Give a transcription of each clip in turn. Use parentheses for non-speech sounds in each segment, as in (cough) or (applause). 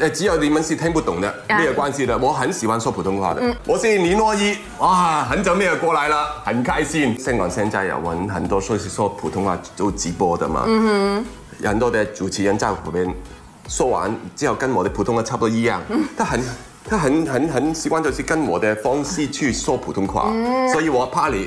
誒，只有你們是聽不懂的，咩 Yeah. 關係咧？我很喜歡說普通話的，mm hmm. 我是黎諾懿，哇、啊，很久沒有過嚟啦，很開心。香港現在有揾很多說是說普通話做直播的嘛，嗯哼、mm，hmm. 很多嘅主持人在我旁邊，說完之後跟我的普通話差不多一樣，mm hmm. 他很他很很很習慣就是跟我的方式去說普通話，mm hmm. 所以我怕你。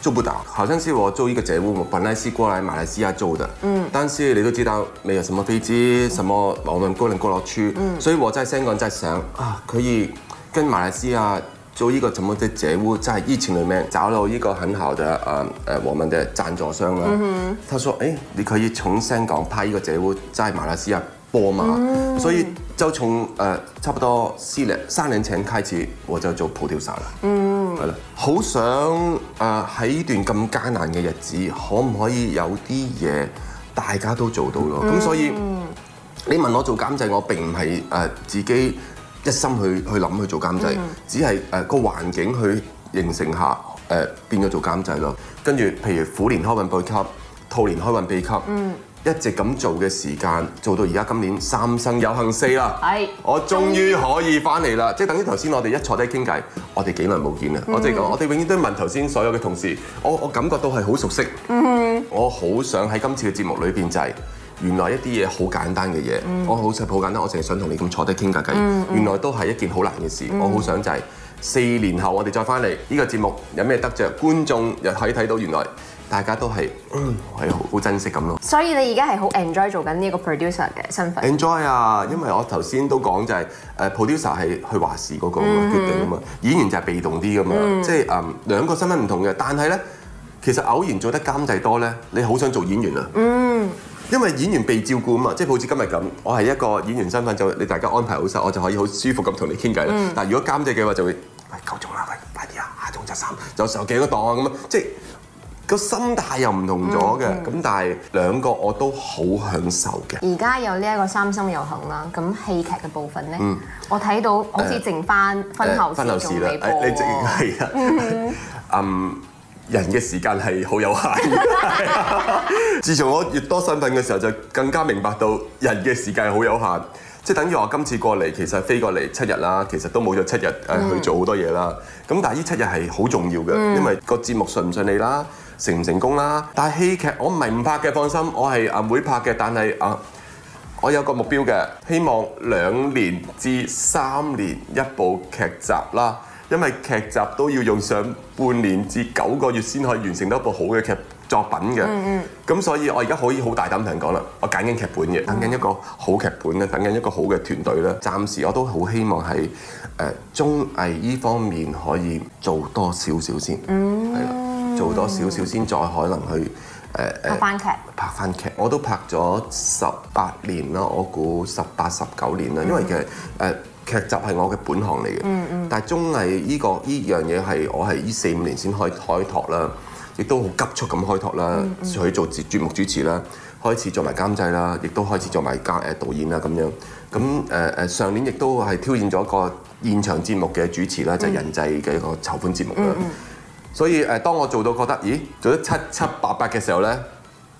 做唔到，好像是我做依個節目，我本來是過來馬來西亞做的，嗯，但是你都知道，沒有什麼飛機，什麼我們過嚟過落去，嗯、所以我喺香港在想啊，可以跟馬來西亞做依個什麼的節目，在疫情裏面找到一個很好的，呃，呃，我們的贊助商啦，嗯哼，他說，誒、欸，你可以從香港拍依個節目，在馬來西亞播嘛，嗯、所以就從，誒、呃，差不多四年三年前開始，我就做葡萄酒，嗯。好想誒喺呢段咁艱難嘅日子，可唔可以有啲嘢大家都做到咯？咁、嗯、所以你問我做監製，我並唔係誒自己一心去去諗去做監製，嗯、只係誒個環境去形成下誒、呃、變咗做監製咯。跟住譬如虎年開運秘笈，兔年開運秘笈。一直咁做嘅時間，做到而家今年三生有幸四啦，我終於可以翻嚟啦，即係等於頭先我哋一坐低傾偈，我哋幾耐冇見啊！我哋講，我哋永遠都問頭先所有嘅同事，我我感覺到係好熟悉，嗯、我好想喺今次嘅節目裏邊就係、係、原來一啲嘢好簡單嘅嘢，嗯、我好實好簡單，我淨係想同你咁坐低傾下偈，嗯、原來都係一件好難嘅事。嗯、我好想就係四年後我哋再翻嚟呢個節目有咩得着？觀眾又可以睇到原來。大家都係係好珍惜咁咯，所以你而家係好 enjoy 做緊呢一個 producer 嘅身份？enjoy 啊，因為我頭先都講就係誒 producer 係去話事嗰、嗰個、嗯、哼決定啊嘛，演員就係被動啲咁啊，嗯、即係誒、嗯、兩個身份唔同嘅，但係咧其實偶然做得監製多咧，你好想做演員啊，嗯，因為演員被照顧啊嘛，即係好似今日咁，我係一個演員身份就你大家安排好晒，我就可以好舒服咁同你傾偈啦。嗱、嗯，但如果監製嘅話就會喂、哎、夠鐘啦，喂快啲啊，下檔執衫，就時候幾個檔啊咁啊，即係。即即個心態又唔同咗嘅，咁、嗯嗯、但係兩個我都好享受嘅。而家有呢一個三心遊行啦，咁戲劇嘅部分呢，嗯、我睇到好似剩翻婚後時未、嗯、播喎。係啊，嗯、 (laughs) 人嘅時間係好有限。 (laughs) (laughs) 自從我越多身份嘅時候，就更加明白到人嘅時間好有限。即、就、係、是、等於我今次過嚟，其實飛過嚟七日啦，其實都冇咗七日去做好多嘢啦。咁、嗯、但係呢七日係好重要嘅，因為個節目順唔順利啦。成唔成功啦？但係戲劇我唔係唔拍嘅，放心，我係啊會拍嘅。但係啊，我有個目標嘅，希望兩年至三年一部劇集啦。因為劇集都要用上半年至九個月先可以完成到一部好嘅劇作品嘅。嗯咁、嗯、所以，我以，我而家可以好大膽同人講啦，我揀緊劇本嘅，揀緊一個好劇本咧，揀緊一個好嘅團隊咧。暫時我都好希望喺誒綜藝呢方面可以做多少少先，係、嗯做多少少先，再可能去誒誒拍翻劇。拍翻劇，我都拍咗十八年啦，我估十八十九年啦。因為其實誒劇集係我嘅本行嚟嘅。嗯嗯。呃、嗯嗯，但係綜藝呢個呢樣嘢係我係呢四五年先開開拓啦，亦都好急速咁開拓啦。嗯嗯，去做節目主持啦，開始做埋監製啦，亦都開始做埋監誒導演啦咁樣。咁誒誒上年亦都係挑戰咗一個現場節目嘅主持啦，就係、人際嘅一個籌款節目啦。嗯嗯。所以誒，當我做到覺得，咦，做到七七八八嘅時候咧，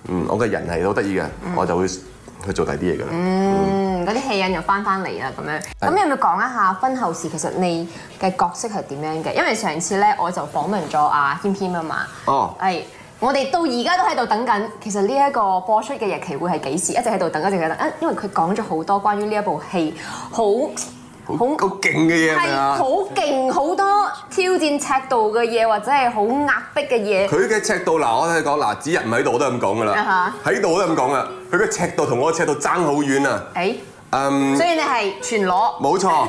嗯，我嘅人係好得意嘅，嗯、我就會去做第啲嘢㗎啦。嗯，嗰啲戲癮又翻返嚟啦，咁樣。咁是有冇講一下婚後事？其實你嘅角色係點樣嘅？因為上次咧，我就訪問咗阿謙謙啊嘛。哦、 (laughs) 啊。係，我哋到而家都喺度等緊。其實呢一個播出嘅日期會係幾時？一直喺度等，一直喺度等。因為佢講咗好多關於呢一部戲，好，好，好勁嘅嘢啊！係好勁好多。是 (laughs) 挑戰尺度嘅嘢，或者係好壓迫嘅嘢。佢嘅尺度嗱、呃，我都係講嗱，子逸唔喺度我都咁講噶啦。喺度、uh huh. 我都咁講噶。佢嘅尺度同我尺度爭好遠啊！誒，嗯，所以你係全裸。冇錯，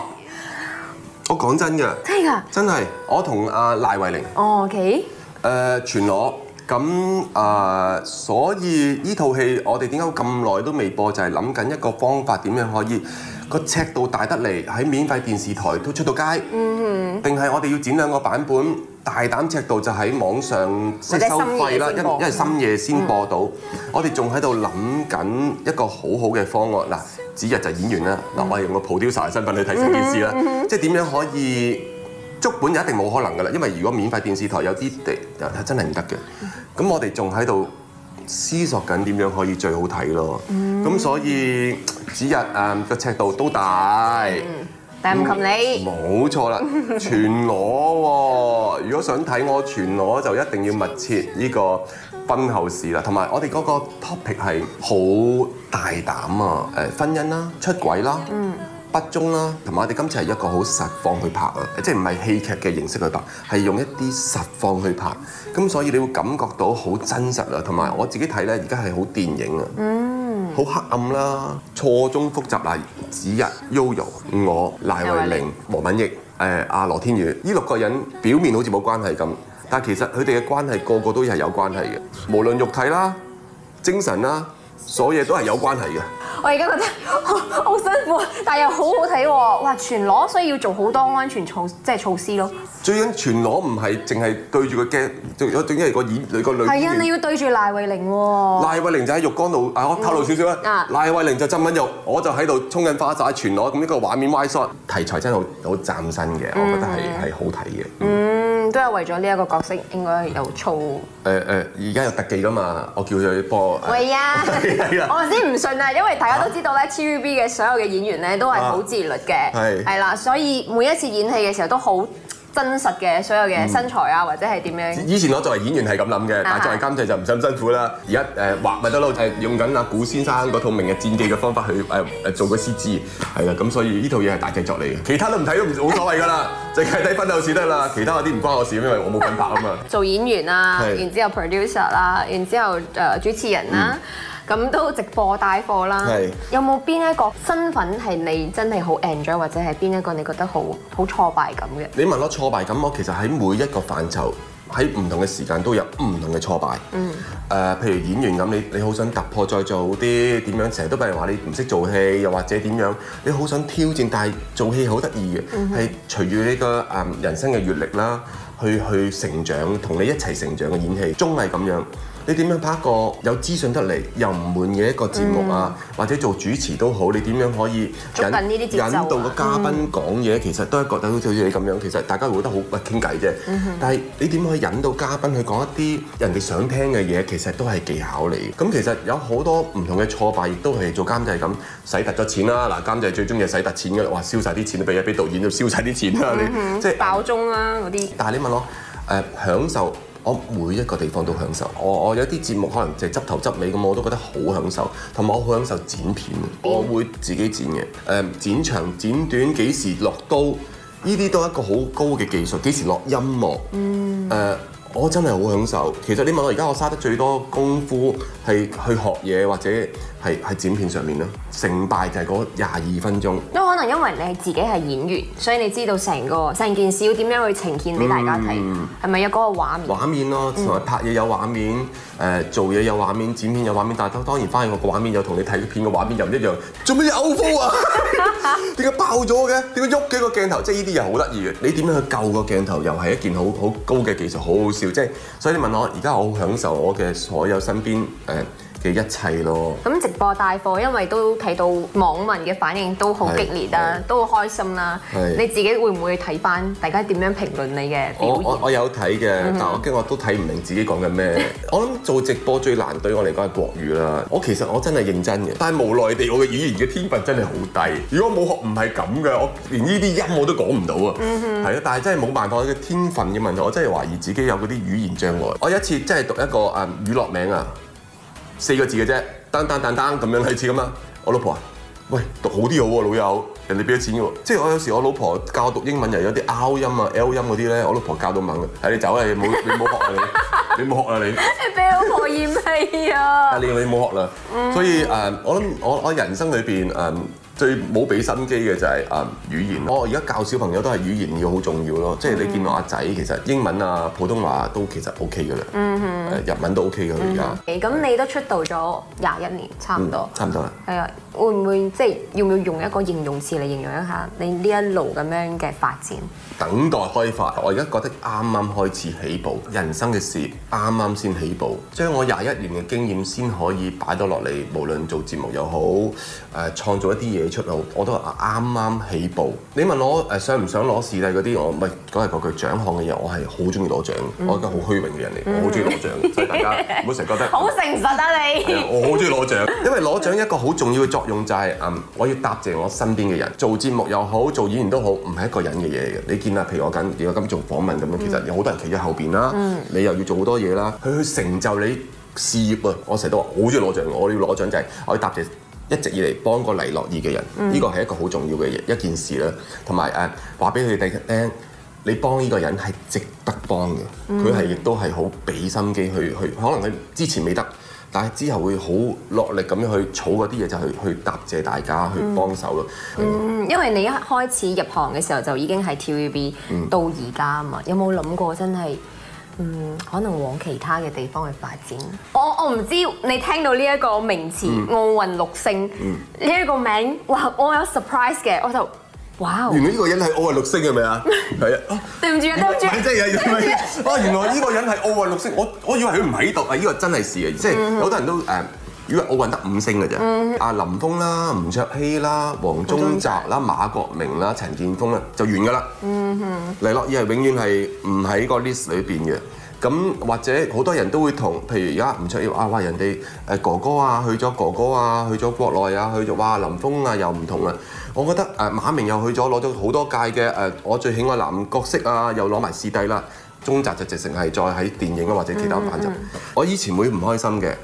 (laughs) 我講真嘅。 (laughs) 真噶？真係，我同阿、啊、賴慧玲。哦、oh，OK。誒、呃，全裸。咁啊、呃，所以呢套戲我哋點解咁耐都未播，就係諗緊一個方法，點樣可以個尺度大得嚟喺免費電視台都出到街？定係、嗯、哼我哋要剪兩個版本，大膽尺度就喺網上即係收費啦，因為深夜先播、嗯、哼播到。嗯、哼我哋仲喺度諗緊一個好好嘅方案。嗱，子逸就演員啦。嗱、嗯哼，我係用個 producer 身份去睇成件事啦，即係點樣可以？足本就一定冇可能噶啦，因為如果免費電視台有啲地真，真係唔得嘅。咁我哋仲喺度思索緊點樣可以最好睇咯。咁、嗯、所以指日誒個、呃、尺度都大，嗯、大唔及你。冇錯啦，全裸喎、哦。 (laughs) 如果想睇我全裸，就一定要密切呢個婚後事啦。同埋我哋嗰個 topic 係好大膽啊！誒、呃，婚姻啦，出軌啦。嗯不忠啦，同埋我哋今次係一個好實況去拍啊，即係唔係戲劇嘅形式去拍，係用一啲實況去拍，咁所以你會感覺到好真實啊，同埋我自己睇呢，而家係好電影啊，嗯，好黑暗啦，錯綜複雜啦，指日悠 o 我賴慧玲、黃敏益、誒阿、呃、羅天宇呢六個人表面好似冇關係咁，但其實佢哋嘅關係個個都係有關係嘅，無論肉體啦、精神啦。所有嘢都係有關係嘅。 (laughs) 我而家覺得好好辛苦，但又好好睇喎。哇！全裸所以要做好多安全措即係措施咯。最緊全裸唔係淨係對住個鏡，最最緊係個演個女。係啊， (laughs) 你要對住賴慧玲喎。賴慧玲就喺浴缸度、啊，我透露少少啦。嗯、賴慧玲就浸緊浴，我就喺度沖緊花灑全裸，咁呢個畫面 wide shot。題材真係好好嶄新嘅，我覺得係係好睇嘅。嗯嗯嗯都係為咗呢一個角色，應該又粗。誒誒、呃，而、呃、家有特技㗎嘛？我叫佢幫我。係啊，我先唔信啊，因為大家都知道咧，TVB 嘅所有嘅演員咧都係好自律嘅，係啦、啊，所以每一次演戲嘅時候都好。真實嘅所有嘅身材啊，嗯、或者係點樣？以前我作為演員係咁諗嘅，的但作為監製就唔使咁辛苦啦。而家誒畫咪得咯，就、呃、係用緊阿古先生嗰套明日戰記嘅方法去誒誒、呃、做個 CG，係啦。咁所以呢套嘢係大製作嚟嘅，其他都唔睇都唔冇所謂噶啦，就係睇分鬥士得啦。其他嗰啲唔關我事，因為我冇份拍啊嘛。 (laughs) 做演員啊，的然之後 producer 啦、啊，然之後誒、呃、主持人啦、啊。嗯咁都直播帶貨啦，是有冇邊一個身份係你真係好 enjoy，或者係邊一個你覺得好好挫敗咁嘅？你問我挫敗感，我其實喺每一個範疇，喺唔同嘅時間都有唔同嘅挫敗。嗯。誒、呃，譬如演員咁，你你好想突破，再做啲點樣？成日都俾人話你唔識做戲，又或者點樣？你好想挑戰，但係做戲好得意嘅，係、嗯、哼隨住呢個誒人生嘅閲歷啦，去去成長，同你一齊成長嘅演戲，綜藝咁樣。你點樣拍一個有資訊得嚟又唔悶嘅一個節目啊？嗯、或者做主持都好，你點樣可以引、啊、引導個嘉賓講嘢？嗯、其實都係覺得好似你咁樣，其實大家會覺得好傾偈啫。嗯、哼 但係你點可以引導嘉賓去講一啲人哋想聽嘅嘢？其實都係技巧嚟。咁其實有好多唔同嘅挫敗，亦都係做監製咁使突咗錢啦。嗱，監製最中意使突錢噶啦，哇！燒曬啲錢俾俾導演就燒晒啲錢啦。嗯、哼你即係爆鐘啦嗰啲。但係你問我誒、呃、享受？我每一個地方都享受，我我有啲節目可能就係執頭執尾咁，我都覺得好享受，同埋我好享受剪片，我會自己剪嘅，誒、呃、剪長剪短幾時落刀，呢啲都係一個好高嘅技術，幾時落音樂，誒、嗯。呃我真係好享受。其實你問我而家我嘥得最多功夫係去學嘢，或者係喺剪片上面囉。成敗就係嗰廿二分鐘。都可能因為你係自己係演員，所以你知道成個成件事要點樣去呈現俾大家睇，係咪、嗯、有嗰個畫面？畫面咯，拍嘢有畫面，誒、嗯呃、做嘢有畫面，剪片有畫面。但係當然，當然我個畫面又同你睇片嘅畫面又唔一樣。做咩有風啊？ (laughs) (laughs) 點解 (laughs) 爆咗嘅？點解喐幾個鏡頭？即係呢啲又好得意嘅。你點樣去救個鏡頭？又係一件好好高嘅技術，好好笑。即係所以你問我，而家我好享受我嘅所有身邊誒、呃嘅一切咯，咁直播帶貨，因為都睇到網民嘅反應都好激烈啊，係係都好開心啦、啊。是你自己會唔會睇翻大家點樣評論你嘅？我我我有睇嘅， (laughs) 但我驚我都睇唔明自己講緊咩。我諗做直播最難對我嚟講係國語啦。我其實我真係認真嘅，但係無奈地我嘅語言嘅天分真係好低。如果冇學唔係咁嘅，我連呢啲音我都講唔到啊。係啊， (laughs) 但係真係冇辦法，我嘅天分嘅問題，我真係懷疑自己有嗰啲語言障礙。我有一次真係讀一個誒語錄名啊。嗯嗯嗯嗯嗯嗯嗯四個字嘅啫，單單單單咁樣類似咁嘛。我老婆啊，喂，讀好啲好喎，老友，人哋俾咗錢嘅喎。即係我有時我老婆教我讀英文又有啲 R 音啊、L 音嗰啲咧，我老婆教到猛，係、哎、你走啊，你冇你冇學啊，你你冇學啊你， (laughs) 你。你俾老婆嫌棄啊！你你冇學啦。所以誒，我諗我我人生裏邊誒。嗯最冇俾心機嘅就係、是、誒、呃、語言，我而家教小朋友都係語言要好重要咯，mm hmm. 即係你見到阿仔其實英文啊、普通話都其實 O K 嘅啦，誒、mm hmm. 呃、日文都 O K 嘅，佢而家。咁、mm hmm. 在你都出道咗廿一年差唔多，嗯、差唔多啦。係啊，會唔會即係、就是、要唔要用一個形容詞嚟形容一下你呢一路咁樣嘅發展？等待開發，我而家覺得啱啱開始起步，人生嘅事啱啱先起步，將我廿一年嘅經驗先可以擺到落嚟，無論做節目又好誒、呃、創造一啲嘢。未出路，我都話啱啱起步。你問我誒、呃、想唔想攞視帝嗰啲，我唔係講嚟講去獎項嘅嘢，我係好中意攞獎。嗯、我係一個好虛榮嘅人嚟，嗯、我好中意攞獎， (laughs) 所以大家唔好成日覺得。好誠實啊你！哎、我好中意攞獎， (laughs) 因為攞獎一個好重要嘅作用就係、是嗯、我要答謝我身邊嘅人。做節目又好，做演員都好，唔係一個人嘅嘢嘅。你見啊，譬如我緊而家今做訪問咁樣，其實有好多人企喺後邊啦，嗯、你又要做好多嘢啦，佢、嗯、去成就你事業啊！我成日都話好中意攞獎，我要攞獎就係、是、我要答謝。一直以嚟幫過黎諾懿嘅人，呢個係一個好重要嘅嘢，一件事啦。同埋誒，話俾佢哋聽，你幫呢個人係值得幫嘅，佢係亦都係好俾心機去去，可能佢之前未得，但係之後會好落力咁樣去儲嗰啲嘢，就去去答謝大家、嗯、去幫手咯。嗯，因為你一開始入行嘅時候就已經係 TVB、嗯、到而家啊嘛，有冇諗過真係？嗯，可能往其他嘅地方去發展。我我唔知你聽到呢一個名詞、嗯、奧運六星呢一、嗯、個名，哇！我有 surprise 嘅，我就哇！原來呢個人係奧運六星嘅咪？ (laughs) 啊？係啊！對唔住啊，對唔住！真係啊！不啊原來呢個人係奧運六星， (laughs) 我我以為佢唔喺度啊！依、呢個真係事啊。即係好多人都誒。Um, 因為奧運得五星嘅啫，阿、mm hmm. 林峯啦、吳卓羲啦、黃宗澤啦、mm hmm. 馬國明啦、陳鍵鋒啦，就完噶啦。黎諾懿、mm，又、hmm. 係永遠係唔喺個 list 裏邊嘅。咁或者好多人都會同，譬如而家吳卓羲話話人哋誒哥哥啊，去咗哥哥啊，去咗國內啊，去咗哇林峯啊又唔同啊。同，我覺得誒馬明又去咗攞咗好多屆嘅誒，我最喜愛男角色啊，又攞埋視帝啦。宗澤就直情係再喺電影啊，或者其他範疇。Mm hmm. 我以前會唔開心嘅。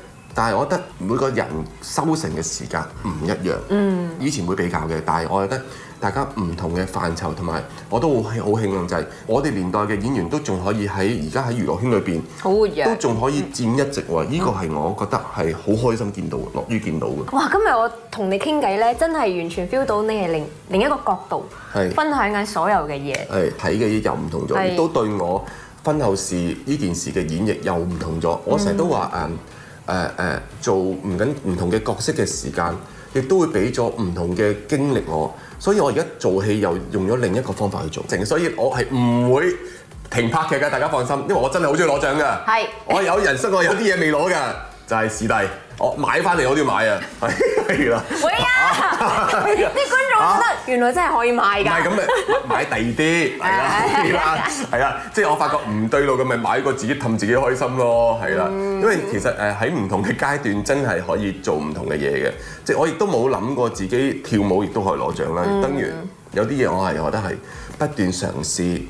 但係我覺得每個人收成嘅時間唔一樣。嗯，以前會比較嘅，但係我覺得大家唔同嘅範疇同埋，我都好慶好慶幸就係我哋年代嘅演員都仲可以喺而家喺娛樂圈裏邊好活躍，都仲可以佔一席。呢、嗯、個係我覺得係好開心見到，嗯、樂於見到嘅。哇！今日我同你傾偈呢，真係完全 feel 到你係另另一個角度是分享緊所有嘅嘢。睇嘅嘢又唔同咗，是亦都對我婚後事呢件事嘅演繹又唔同咗。嗯、我成日都話誒誒、uh, uh, 做唔緊唔同嘅角色嘅時間，亦都會俾咗唔同嘅經歷我，所以我而家做戲又用咗另一個方法去做，所以我係唔會停拍劇嘅，大家放心，因為我真係好鍾意攞獎㗎，係是，我有人生我有啲嘢未攞㗎，就係、是、視帝，我買返嚟我都要買啊，係 (laughs) 啦的。 (laughs) (laughs) 啲觀眾覺得原來真係可以買㗎，唔係咁咪買第二啲，係啦，係啦，係啊， (laughs) 即係 (laughs) 我發覺唔對路咁咪買一個自己氹自己開心咯，係啦，嗯、因為其實誒喺唔同嘅階段真係可以做唔同嘅嘢嘅，即、就、係、是、我亦都冇諗過自己跳舞亦都可以攞獎啦，當然、嗯、有啲嘢我係覺得係不斷嘗試。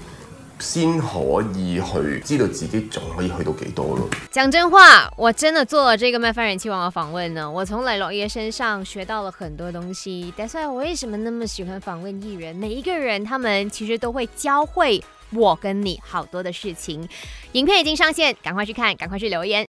先可以去知道自己仲可以去到幾多咯。講真話，我真的做了這個《MY FUN 人氣王》的訪問咯，我從黎老爺身上學到了很多東西。但係我為什麼那麼喜歡訪問藝人？每一個人，他們其實都會教會我跟你好多的事情。影片已經上線，趕快去看，趕快去留言。